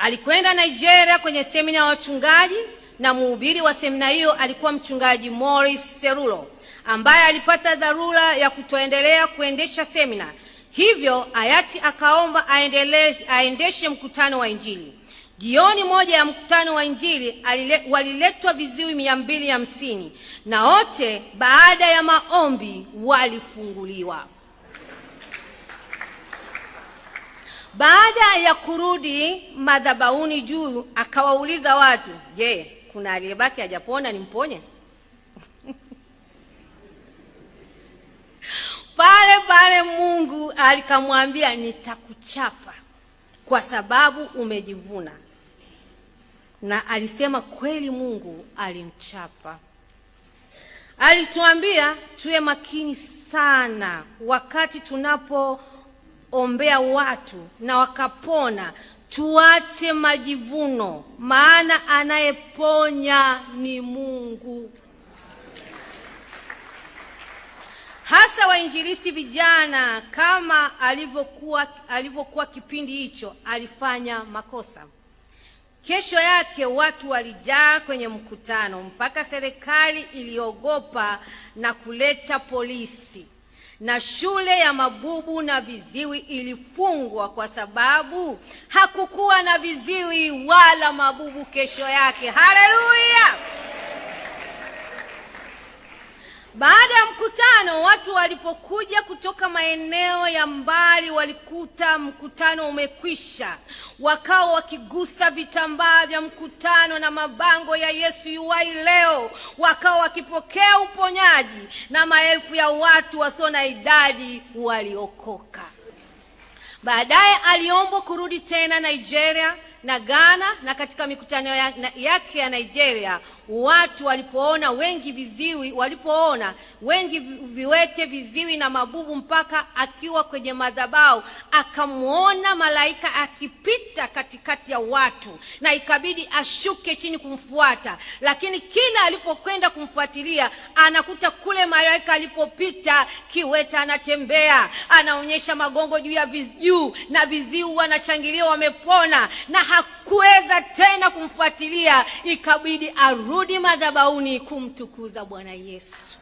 Alikwenda Nigeria kwenye semina ya wachungaji na mhubiri wa semina hiyo alikuwa mchungaji Morris Serulo ambaye alipata dharura ya kutoendelea kuendesha semina, hivyo hayati akaomba aendeshe mkutano wa Injili. Jioni moja ya mkutano wa Injili waliletwa viziwi mia mbili hamsini na wote baada ya maombi walifunguliwa. Baada ya kurudi madhabauni juu, akawauliza watu, je, kuna aliyebaki hajapona nimponye? Pale pale Mungu alikamwambia nitakuchapa kwa sababu umejivuna. Na alisema kweli, Mungu alimchapa. Alituambia tuwe makini sana wakati tunapo ombea watu na wakapona. Tuache majivuno, maana anayeponya ni Mungu. Hasa wainjilisi vijana, kama alivyokuwa alivyokuwa kipindi hicho, alifanya makosa. Kesho yake watu walijaa kwenye mkutano mpaka serikali iliogopa na kuleta polisi na shule ya mabubu na viziwi ilifungwa kwa sababu hakukuwa na viziwi wala mabubu kesho yake. Haleluya! Baada mkutano, watu walipokuja kutoka maeneo ya mbali walikuta mkutano umekwisha, wakawa wakigusa vitambaa vya mkutano na mabango ya Yesu yuwai leo, wakawa wakipokea uponyaji na maelfu ya watu wasio na idadi waliokoka. Baadaye aliombwa kurudi tena Nigeria na Ghana na katika mikutano yake ya Nigeria, watu walipoona wengi viziwi, walipoona wengi viwete, viziwi na mabubu, mpaka akiwa kwenye madhabahu akamwona malaika akipita katikati ya watu, na ikabidi ashuke chini kumfuata. Lakini kila alipokwenda kumfuatilia, anakuta kule malaika alipopita, kiweta anatembea, anaonyesha magongo juu ya juu, na viziwi wanashangilia wamepona na hakuweza tena kumfuatilia, ikabidi arudi madhabahuni kumtukuza Bwana Yesu.